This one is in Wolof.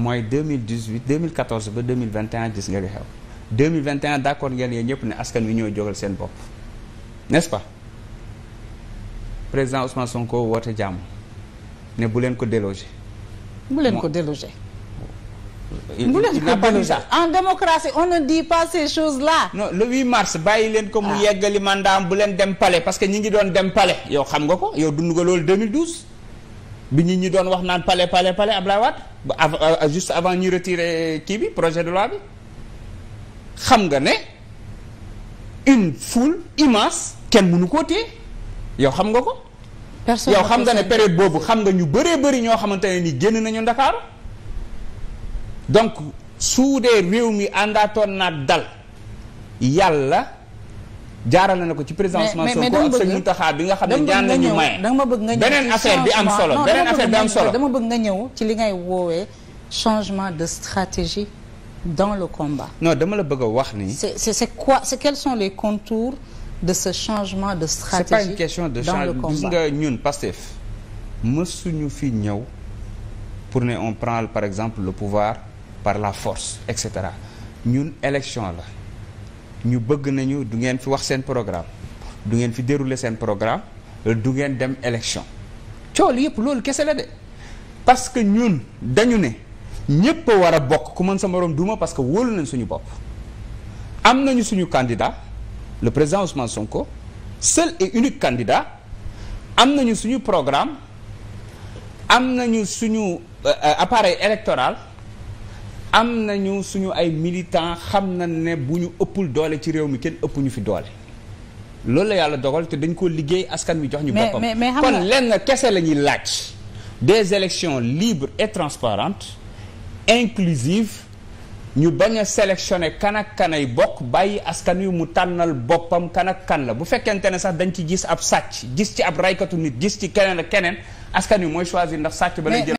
mooy 2018 2014 ba 2021 gis nga li xew 2021 d'accord ngeen yéen ñëpp ne askan wi ñoo jógal seen bopp n'est-ce pas président Ousmane ko woote jàmm ne bu leen ko déloger. bu leen ko déloger. bu leen ko déloger en démocratie on ne dit pas ces choses-là. non le 8 mars bàyyi leen ko mu ah. yeggali mandaam bu leen dem pale parce que ñi ngi doon dem pale yow xam nga ko yow dund nga loolu 2012. bi ñu ñi doon wax naan palais palais palais Ablaye Wade ba av euh, euh, juste avant ñuy retirer kii bi projet de loi bi xam nga ne une foule immense kenn mënu koo téye yow xam nga ko. personne yow xam nga ne période boobu xam nga ñu bëree bari ñoo xamante ne ni génn nañu Ndakaaru donc su dee réew mi àndaatoon naa dal yàlla. jaarale na ko ci président Ousmane Sonko ak sëñ Mountakha bi nga xam ne ñaan nañu maye dama bëgg nga ñëw beneen affaire bi am solo beneen affaire bi am solo dama bëgg nga ñëw ci li ngay woowee changement de stratégie dans le combat non dama la bëgg a wax ni c'est c'est quoi c'est quels sont les contours de ce changement de stratégie c'est question de changement gis nga ñun Pastef mësuñu fi ñëw pour ne on prend par exemple le pouvoir par la force et cetera ñun élection la ñu bëgg nañu du ngeen fi wax seen programme du ngeen fi dérouler seen programme du ngeen dem élection cool yëpp loolu kese la de parce que ñun dañu ne ñëpp a war a bokk ku mën sa morom duma parce que wóolu nañ suñu bopp am nañu suñu candidat le président Ousmane Sonko seul et unique candidat am nañu suñu programme am nañu suñu euh, euh, appareil électoral am na nañu suñu ay militants xam na ne bu ñu ëppul doole ci réew mi kenn ëpp ñu fi doole loolu la yàlla dogal te dañ koo liggéey askan wi jox ñu boppam kon lenn kese la ñuy laaj des élections libre et transparentes inclusives ñu bañ a sélectionné kan ak kanay bokk bàyyi askan wi mu tànnal boppam kan ak kan la bu fekkente ne sax dañ ci gis ab sàcc gis ci ab raykatu nit gis ci keneen ak keneen askan wi mooy choisir ndax sàcc ba lay jël